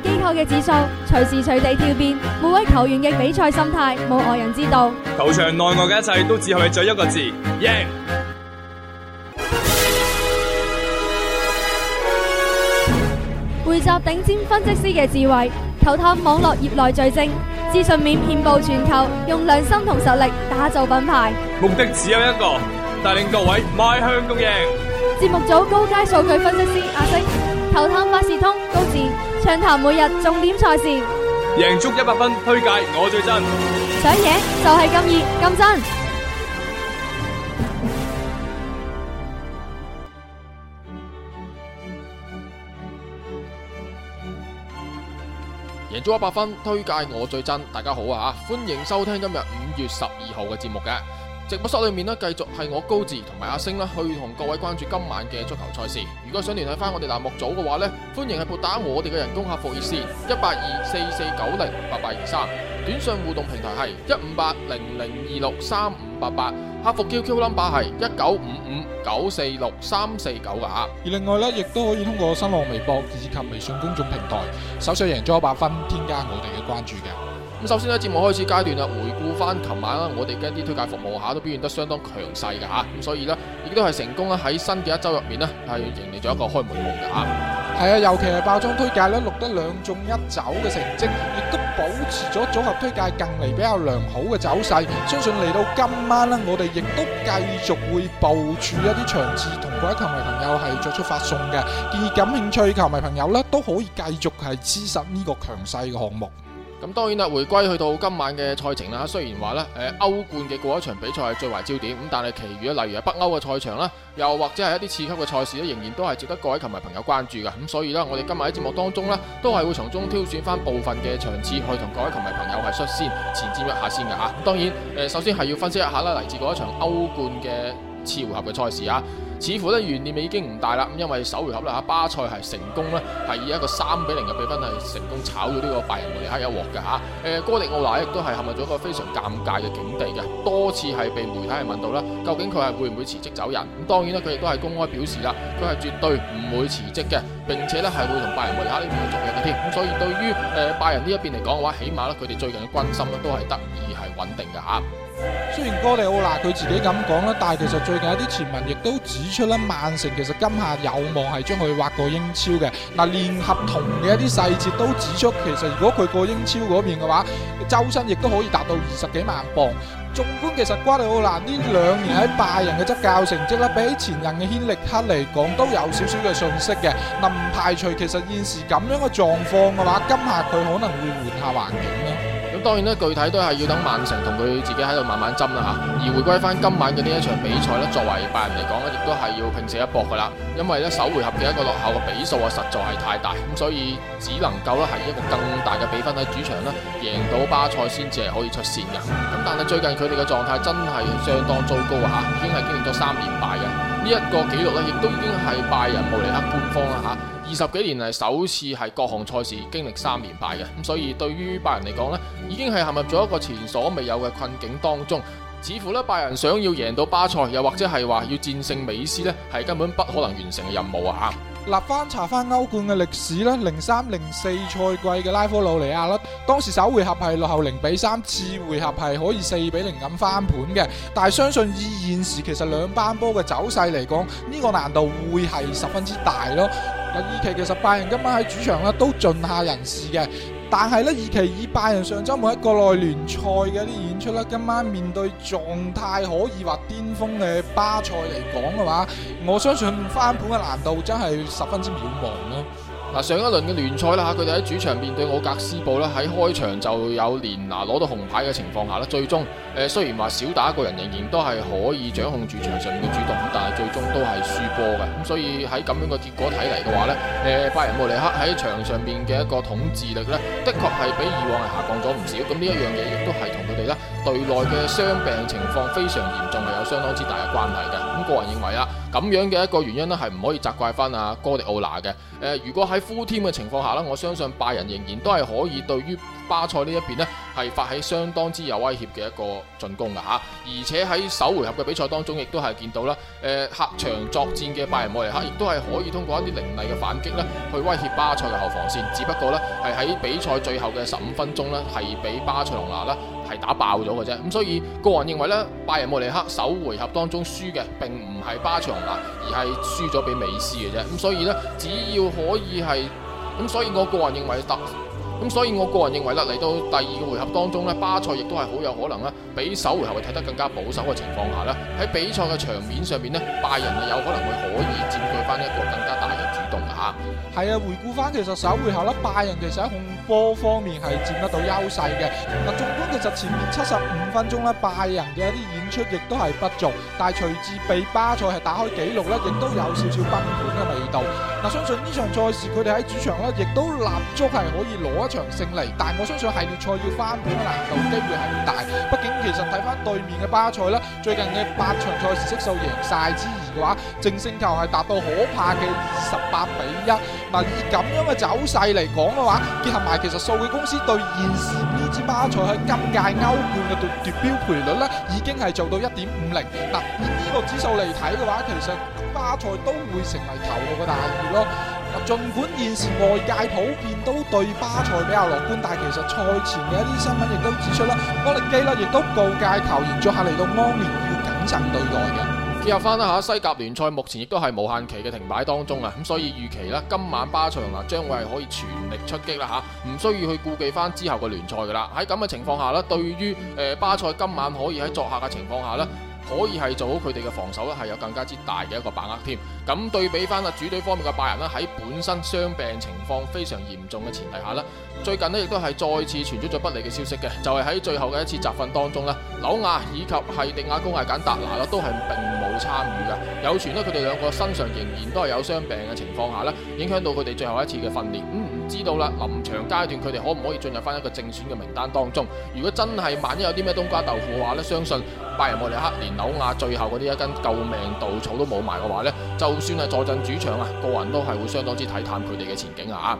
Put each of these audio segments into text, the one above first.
機構嘅指數隨時隨地跳變，每位球員嘅比賽心態冇外人知道。球場內外嘅一切都只係為咗一個字：贏。匯集頂尖分析師嘅智慧，球探網絡業內最精，資訊面遍布全球，用良心同實力打造品牌。目的只有一個，帶領各位邁向共贏。節目組高階數據分析師阿星，球探萬事通高智。暢談每日重點賽事，贏足一百分，推介我最真，想贏就係咁易咁真，贏足一百分，推介我最真。大家好啊，歡迎收聽今日五月十二號嘅節目嘅。直播室裏面咧，繼續係我高志同埋阿星啦，去同各位關注今晚嘅足球賽事。如果想聯繫翻我哋欄目組嘅話咧，歡迎係撥打我哋嘅人工客服熱線一八二四四九零八八二三，短信互動平台係一五八零零二六三五八八，客服 QQ number 號碼係一九五五九四六三四九啊。而另外咧，亦都可以通過新浪微博以及微信公眾平台，搜索「贏足 100FUN」，添加我哋嘅關注嘅。咁首先呢，節目開始階段啊，回顧翻琴晚啦，我哋嘅一啲推介服務下都表現得相當強勢嘅吓，咁所以呢，亦都係成功啦喺新嘅一周入面呢，係迎嚟咗一個開門紅嘅吓，係啊，尤其係爆莊推介呢，錄得兩中一走嘅成績，亦都保持咗組合推介近嚟比較良好嘅走勢，相信嚟到今晚呢，我哋亦都繼續會部署一啲場次，同各位球迷朋友係作出發送嘅，建議感興趣球迷朋友呢，都可以繼續係支持呢個強勢嘅項目。咁當然啦，回歸去到今晚嘅賽程啦，雖然話咧，誒歐冠嘅嗰一場比賽係最為焦點，咁但係其餘啊，例如係北歐嘅賽場啦，又或者係一啲次級嘅賽事咧，仍然都係值得各位球迷朋友關注嘅。咁所以呢，我哋今日喺節目當中呢，都係會從中挑選翻部分嘅場次去同各位球迷朋友係率先前瞻一下先㗎吓。咁當然，誒首先係要分析一下啦，嚟自嗰一場歐冠嘅次回合嘅賽事啊。似乎咧，懸念已經唔大啦，咁因為首回合啦吓，巴塞係成功咧，係以一個三比零嘅比分係成功炒咗呢個拜仁慕尼黑一鑊嘅吓，誒、呃，哥迪奧拿亦都係陷入咗一個非常尷尬嘅境地嘅，多次係被媒體係問到啦，究竟佢係會唔會辭職走人？咁當然啦，佢亦都係公開表示啦，佢係絕對唔會辭職嘅，並且咧係會同拜仁慕尼黑呢邊去續約嘅添，咁所以對於誒拜仁呢一邊嚟講嘅話，起碼咧佢哋最近嘅軍心咧都係得以係穩定嘅吓。雖然哥利奧拿佢自己咁講啦，但係其實最近一啲傳聞亦都指出啦，曼城其實今夏有望係將佢挖過英超嘅。嗱，連合同嘅一啲細節都指出，其實如果佢過英超嗰邊嘅話，周薪亦都可以達到二十幾萬磅。縱觀其實哥利奧拿呢兩年喺拜仁嘅執教成績啦，比起前任嘅希力克嚟講，都有少少嘅信息嘅。唔排除其實現時咁樣嘅狀況嘅話，今夏佢可能會換下環境。當然呢，具體都係要等曼城同佢自己喺度慢慢斟啦，吓。而回歸翻今晚嘅呢一場比賽咧，作為拜仁嚟講咧，亦都係要拼死一搏噶啦。因為咧，首回合嘅一個落後嘅比數啊，實在係太大咁，所以只能夠咧，係一個更大嘅比分喺主場咧贏到巴塞先至係可以出線嘅。咁、啊、但係最近佢哋嘅狀態真係相當糟糕啊吓，已經係經歷咗三連敗嘅呢一個紀錄呢，亦都已經係拜仁慕尼黑官方啊吓。二十幾年嚟首次係各項賽事經歷三連敗嘅，咁所以對於拜仁嚟講呢已經係陷入咗一個前所未有嘅困境當中。似乎呢，拜仁想要贏到巴塞，又或者係話要戰勝美斯呢係根本不可能完成嘅任務啊！嚇，嗱，翻查翻歐冠嘅歷史啦，零三零四賽季嘅拉科魯尼亞啦，當時首回合係落後零比三，次回合係可以四比零咁翻盤嘅，但係相信以現時其實兩班波嘅走勢嚟講，呢個難度會係十分之大咯。二期其實拜仁今晚喺主場啦，都盡下人事嘅，但係呢，二期以拜仁上周末喺國內聯賽嘅一啲演出咧，今晚面對狀態可以話巔峰嘅巴塞嚟講嘅話，我相信翻盤嘅難度真係十分之渺茫咯。嗱，上一輪嘅聯賽啦嚇，佢哋喺主場面對奧格斯堡，啦，喺開場就有連拿攞到紅牌嘅情況下咧，最終誒、呃、雖然話少打一個人，仍然都係可以掌控住場上面嘅主動，咁但係最終都係輸波嘅。咁所以喺咁樣嘅結果睇嚟嘅話咧，誒拜仁慕尼黑喺場上面嘅一個統治力咧，的確係比以往係下降咗唔少。咁呢一樣嘢亦都係同佢哋啦。隊內嘅傷病情況非常嚴重，係有相當之大嘅關係嘅。咁個人認為啊，咁樣嘅一個原因呢，係唔可以責怪翻啊哥迪奧拿嘅。誒、呃，如果喺 full team 嘅情況下啦，我相信拜仁仍然都係可以對於巴塞呢一邊呢，係發起相當之有威脅嘅一個進攻嘅嚇。而且喺首回合嘅比賽當中，亦都係見到啦，誒客場作戰嘅拜仁慕尼黑亦都係可以通過一啲凌厲嘅反擊呢，去威脅巴塞嘅後防線。只不過呢，係喺比賽最後嘅十五分鐘呢，係俾巴塞隆拿呢，係打爆咗。咁、嗯、所以個人認為咧，拜仁慕尼黑首回合當中輸嘅並唔係巴塞羅那，而係輸咗俾美斯嘅啫。咁、嗯、所以呢，只要可以係，咁、嗯、所以我個人認為得。咁、嗯、所以我個人認為咧，嚟到第二個回合當中呢，巴塞亦都係好有可能呢，比首回合嘅睇得更加保守嘅情況下呢，喺比賽嘅場面上面呢，拜仁啊有可能會可以佔據翻一個更加大。係啊，回顧翻其實首回合咧，拜仁其實喺控波方面係佔得到優勢嘅。嗱，盡管其實前面七十五分鐘咧，拜仁嘅一啲。出亦都係不俗，但係隨之被巴塞係打開紀錄咧，亦都有少少崩盤嘅味道。嗱，相信呢場賽事佢哋喺主場咧，亦都立足係可以攞一場勝利，但係我相信系列賽要翻盤嘅難度機會係唔大。畢竟其實睇翻對面嘅巴塞咧，最近嘅八場賽事悉數贏晒之餘嘅話，淨勝球係達到可怕嘅二十八比一。嗱，以咁樣嘅走勢嚟講嘅話，結合埋其實數據公司對現時呢支巴塞喺今屆歐冠嘅奪奪標賠率咧，已經係在。1> 到一點五零，嗱，以呢個指數嚟睇嘅話，其實巴塞都會成為頭號嘅大熱咯。嗱，儘管現時外界普遍都對巴塞比較樂觀，但係其實賽前嘅一啲新聞亦都指出啦，安力基律亦都告誡球員，後再下嚟到安聯要謹慎對待嘅。接下翻啦，嚇西甲聯賽目前亦都係無限期嘅停擺當中啊，咁所以預期啦，今晚巴塞隆拿將會係可以全力出擊啦，吓，唔需要去顧忌翻之後嘅聯賽噶啦。喺咁嘅情況下咧，對於巴塞今晚可以喺作客嘅情況下咧，可以係做好佢哋嘅防守咧，係有更加之大嘅一個把握添。咁對比翻啦，主隊方面嘅拜仁咧，喺本身傷病情況非常嚴重嘅前提下咧，最近呢亦都係再次傳出咗不利嘅消息嘅，就係、是、喺最後嘅一次集訓當中咧，紐亞以及係迪亞高係簡達拿啦，都係並參與噶，有傳咧，佢哋兩個身上仍然都係有傷病嘅情況下呢，影響到佢哋最後一次嘅訓練。嗯，唔知道啦。臨場階段，佢哋可唔可以進入翻一個正選嘅名單當中？如果真係萬一有啲咩冬瓜豆腐嘅話咧，相信拜仁慕尼黑連紐亞最後嗰啲一根救命稻草都冇埋嘅話呢，就算係坐鎮主場啊，個人都係會相當之睇淡佢哋嘅前景啊！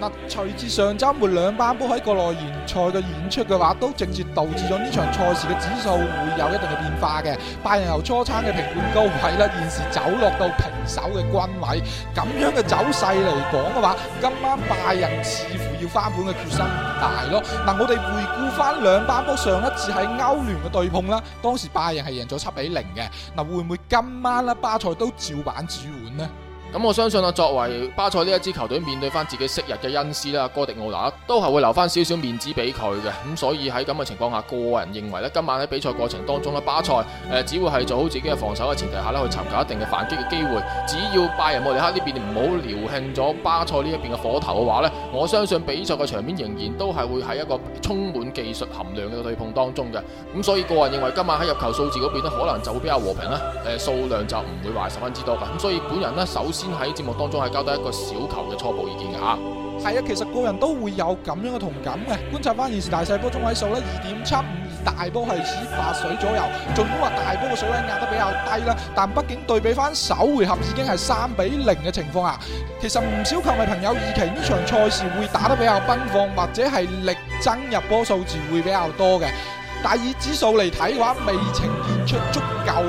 嗱，隨住上周末兩班波喺國內聯賽嘅演出嘅話，都直接導致咗呢場賽事嘅指數會有一定嘅變化嘅。拜仁由初餐嘅平半高位啦，現時走落到平手嘅均位，咁樣嘅走勢嚟講嘅話，今晚拜仁似乎要翻盤嘅決心唔大咯。嗱，我哋回顧翻兩班波上一次喺歐聯嘅對碰啦，當時拜仁係贏咗七比零嘅。嗱，會唔會今晚呢，巴塞都照板煮碗呢？咁我相信啊，作為巴塞呢一支球隊面對翻自己昔日嘅恩師啦，哥迪奧拿都係會留翻少少面子俾佢嘅。咁、嗯、所以喺咁嘅情況下，個人認為咧，今晚喺比賽過程當中咧，巴塞誒、呃、只會係做好自己嘅防守嘅前提下咧，去尋求一定嘅反擊嘅機會。只要拜仁莫尼克呢邊唔好撩興咗巴塞呢一邊嘅火頭嘅話咧，我相信比賽嘅場面仍然都係會喺一個充滿技術含量嘅對碰當中嘅。咁、嗯、所以個人認為今晚喺入球數字嗰邊咧，可能就會比較和平啦。誒、呃、數量就唔會話十分之多㗎。咁、嗯、所以本人咧首先。先喺節目當中係交代一個小球嘅初步意見嘅吓，係啊，其實個人都會有咁樣嘅同感嘅。觀察翻現時大細波中位數咧，二點七五二大波係以八水左右，盡管話大波嘅水位壓得比較低啦，但畢竟對比翻首回合已經係三比零嘅情況啊，其實唔少球迷朋友預期呢場賽事會打得比較奔放，或者係力爭入波數字會比較多嘅。但以指數嚟睇嘅話，未呈現出足。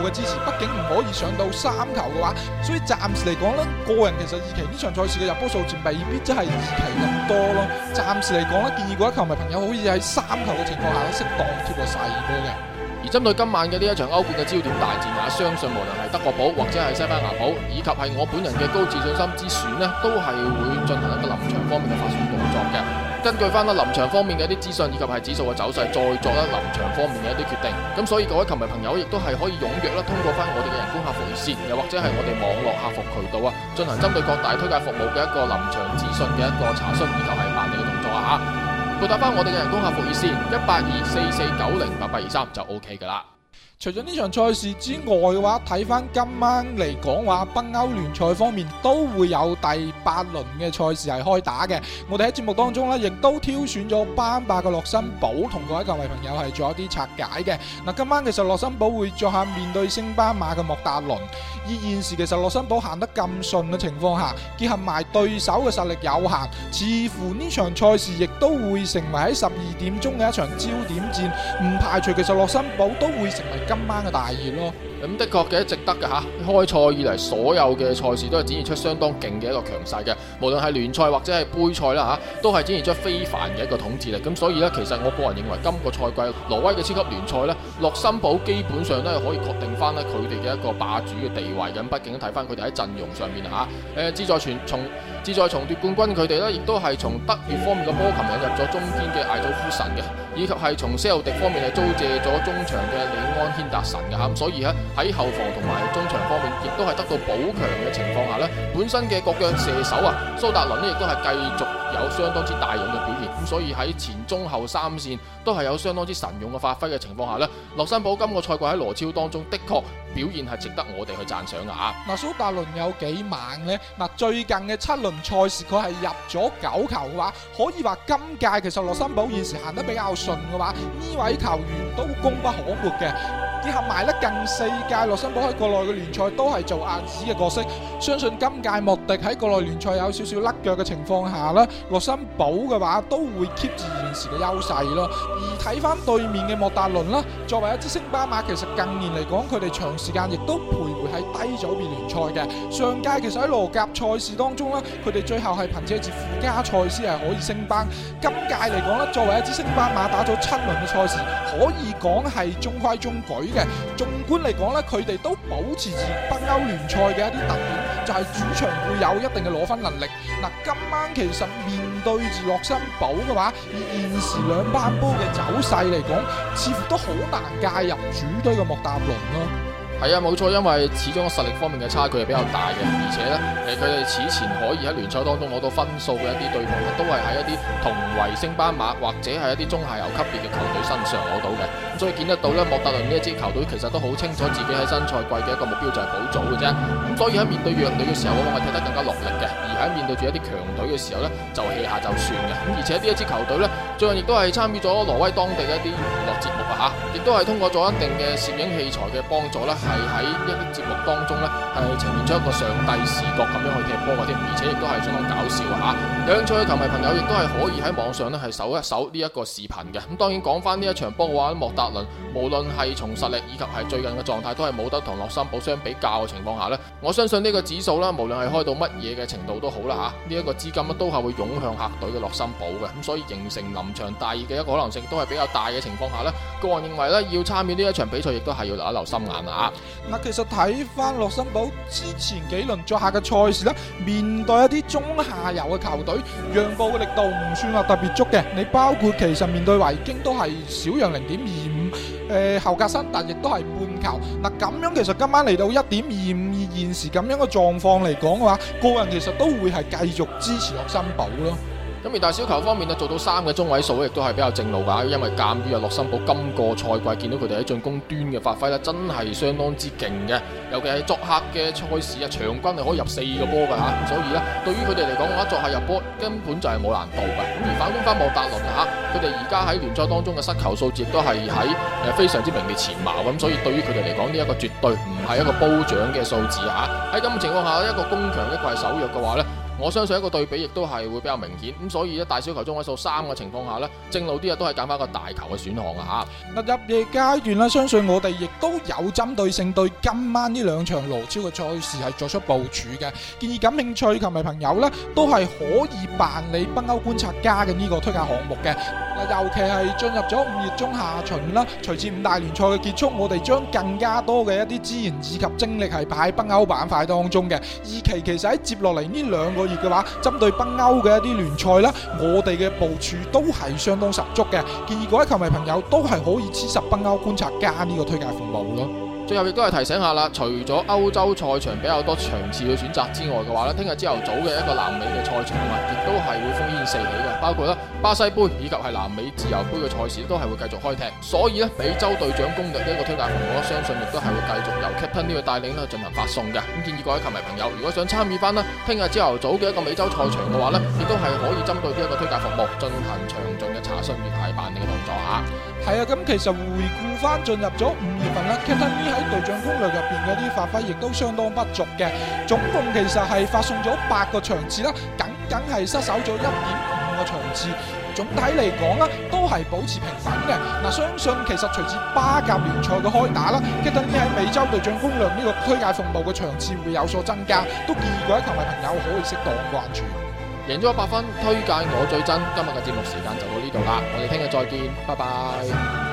嘅支持，畢竟唔可以上到三球嘅話，所以暫時嚟講咧，個人其實預期呢場賽事嘅入波數字未必真係預期咁多咯。暫時嚟講咧，建議各位球迷朋友，好似喺三球嘅情況下，可適當接過晒二波嘅。而針對今晚嘅呢一場歐冠嘅焦點大戰，啊，相信無論係德國寶或者係西班牙寶，以及係我本人嘅高自信心之選咧，都係會進行一個臨場方面嘅發散動作嘅。根據翻啦臨場方面嘅一啲資訊以及係指數嘅走勢，再作啦臨場方面嘅一啲決定。咁所以各位球迷朋友亦都係可以踊躍啦，通過翻我哋嘅人工客服熱線，又或者係我哋網絡客服渠道啊，進行針對各大推介服務嘅一個臨場資訊嘅一個查詢，以及係辦理嘅動作啊吓。撥打翻我哋嘅人工客服熱線一八二四四九零八八二三就 OK 噶啦。除咗呢場賽事之外嘅話，睇翻今晚嚟講話北歐聯賽方面都會有第八輪嘅賽事係開打嘅。我哋喺節目當中呢，亦都挑選咗班霸嘅洛辛堡同各位球迷朋友係做一啲拆解嘅。嗱，今晚其實洛辛堡會作下面對升班馬嘅莫達倫。而現時其實洛辛堡行得咁順嘅情況下，結合埋對手嘅實力有限，似乎呢場賽事亦都會成為喺十二點鐘嘅一場焦點戰。唔排除其實洛辛堡都會成為。今晚嘅大熱咯，咁的確嘅值得嘅嚇、啊。開賽以嚟，所有嘅賽事都係展現出相當勁嘅一個強勢嘅，無論係聯賽或者係杯賽啦嚇、啊，都係展現出非凡嘅一個統治力。咁所以呢，其實我個人認為今個賽季挪威嘅超級聯賽呢，洛辛堡基本上都係可以確定翻呢佢哋嘅一個霸主嘅地位嘅、嗯。畢竟睇翻佢哋喺陣容上面啊，誒資助全從。志在重奪冠軍呢，佢哋咧亦都係從德乙方面嘅波琴引入咗中堅嘅艾祖夫神嘅，以及係從西奧迪方面係租借咗中場嘅李安軒達神嘅嚇，咁所以咧喺後防同埋中場方面，亦都係得到補強嘅情況下咧，本身嘅國腳射手啊，蘇達倫咧亦都係繼續，有相當之大勇嘅表現，咁所以喺前中後三線都係有相當之神勇嘅發揮嘅情況下呢，洛辛堡今個賽季喺羅超當中的確表現係值得我哋去讚賞㗎吓。嗱、啊，蘇達倫有幾猛呢？嗱、啊，最近嘅七輪賽事佢係入咗九球嘅話，可以話今屆其實洛辛堡現時行得比較順嘅話，呢位球員都功不可沒嘅。結合埋咧近四屆洛辛堡喺國內嘅聯賽都係做壓止嘅角色，相信今屆莫迪喺國內聯賽有少少甩腳嘅情況下咧，洛辛堡嘅話都會 keep 住現時嘅優勢咯。而睇返對面嘅莫達倫啦，作為一隻升班馬，其實近年嚟講佢哋長時間亦都徘徊喺低組別聯賽嘅。上屆其實喺羅甲賽事當中咧，佢哋最後係憑藉住附加賽先係可以升班。今屆嚟講咧，作為一隻升班馬，打咗七輪嘅賽事，可以講係中規中矩。嘅，縱觀嚟講呢，佢哋都保持住北歐聯賽嘅一啲特點，就係主場會有一定嘅攞分能力。嗱，今晚其實面對住洛辛堡嘅話，以現時兩班波嘅走勢嚟講，似乎都好難介入主隊嘅莫達隆咯。係啊，冇錯，因為始終實力方面嘅差距係比較大嘅，而且呢，呃，佢哋此前可以喺聯賽當中攞到分數嘅一啲對碰，都係喺一啲同為升班馬或者係一啲中下游級別嘅球隊身上攞到嘅。咁所以見得到呢，莫特倫呢一支球隊其實都好清楚自己喺新賽季嘅一個目標就係保組嘅啫。咁所以喺面對弱隊嘅時候，我哋係踢得更加落力嘅；而喺面對住一啲強隊嘅時候呢，就棄下就算嘅。咁而且呢一支球隊呢，最近亦都係參與咗挪威當地嘅一啲娛樂節目啊！吓都係通過咗一定嘅攝影器材嘅幫助咧，係喺一啲節目當中咧，係呈現出一個上帝視角咁樣去踢波嘅添，而且亦都係相當搞笑嘅，哈興趣球迷朋友亦都係可以喺網上咧係搜一搜呢一個視頻嘅。咁當然講翻呢一場波嘅話，莫達倫無論係從實力以及係最近嘅狀態都係冇得同洛森堡相比較嘅情況下咧，我相信呢個指數啦，無論係開到乜嘢嘅程度都好啦吓，呢一個資金咧都係會湧向客隊嘅洛森堡嘅。咁所以形成臨場大意嘅一個可能性都係比較大嘅情況下咧，個人認為咧，要參與呢一場比賽亦都係要留一留心眼啊。咁其實睇翻洛森堡之前幾輪作客嘅賽事咧，面對一啲中下游嘅球隊。讓步嘅力度唔算話特別足嘅，你包括其實面對維京都係小讓零點二五，誒後格山但亦都係半球嗱，咁、啊、樣其實今晚嚟到一點二五，以現時咁樣嘅狀況嚟講嘅話，個人其實都會係繼續支持洛辛堡咯。咁而大小球方面咧，做到三嘅中位數亦都係比較正路噶。因為鑑於啊，洛辛堡今個賽季見到佢哋喺進攻端嘅發揮咧，真係相當之勁嘅。尤其係作客嘅賽事啊，場均係可以入四個波㗎嚇。所以呢，對於佢哋嚟講嘅話，作客入波根本就係冇難度嘅。而反觀翻莫達倫嚇，佢哋而家喺聯賽當中嘅失球數字亦都係喺誒非常之名列前茅。咁所以對於佢哋嚟講，呢、這、一個絕對唔係一個褒獎嘅數字嚇。喺咁嘅情況下，一個攻強一個係守弱嘅話咧。我相信一個對比亦都係會比較明顯，咁所以咧，大小球中位數三個嘅情況下呢，正路啲啊，都係揀翻個大球嘅選項啊嚇。入夜階段啦，相信我哋亦都有針對性對今晚呢兩場羅超嘅賽事係作出部署嘅，建議感興趣球迷朋友呢，都係可以辦理北歐觀察家嘅呢個推介項目嘅。尤其係進入咗五月中下旬啦，隨住五大聯賽嘅結束，我哋將更加多嘅一啲資源以及精力係擺喺北歐板塊當中嘅。二期其，其實喺接落嚟呢兩個月嘅話，針對北歐嘅一啲聯賽啦，我哋嘅部署都係相當十足嘅。建議各位球迷朋友都係可以黐實北歐觀察加呢個推介服務咯。最後亦都係提醒下啦，除咗歐洲賽場比較多場次嘅選擇之外嘅話咧，聽日朝頭早嘅一個南美嘅賽場啊，亦都係會烽煙四起嘅，包括啦巴西杯以及係南美自由杯嘅賽事都係會繼續開踢，所以呢，美洲隊長攻略呢一個推介服務，我相信亦都係會繼續由 Captain 呢位、well、帶領咧進行發送嘅。咁建議各位球迷朋友，如果想參與翻啦，聽日朝頭早嘅一個美洲賽場嘅話呢，亦都係可以針對呢一個推介服務進行場。下身亦係扮呢個動作啊！係啊，咁其實回顧翻，進入咗五月份啦，Ketley 喺隊長攻略入邊嗰啲發揮亦都相當不俗嘅，總共其實係發送咗八個場次啦，僅僅係失守咗一點五個場次，總體嚟講啦都係保持平穩嘅。嗱，相信其實隨住巴甲聯賽嘅開打啦，Ketley 喺美洲隊長攻略呢個推介服務嘅場次會有所增加，都建議各位球迷朋友可以適當關注。贏咗一百分，推介我最真。今日嘅節目時間就到呢度啦，我哋聽日再見，拜拜。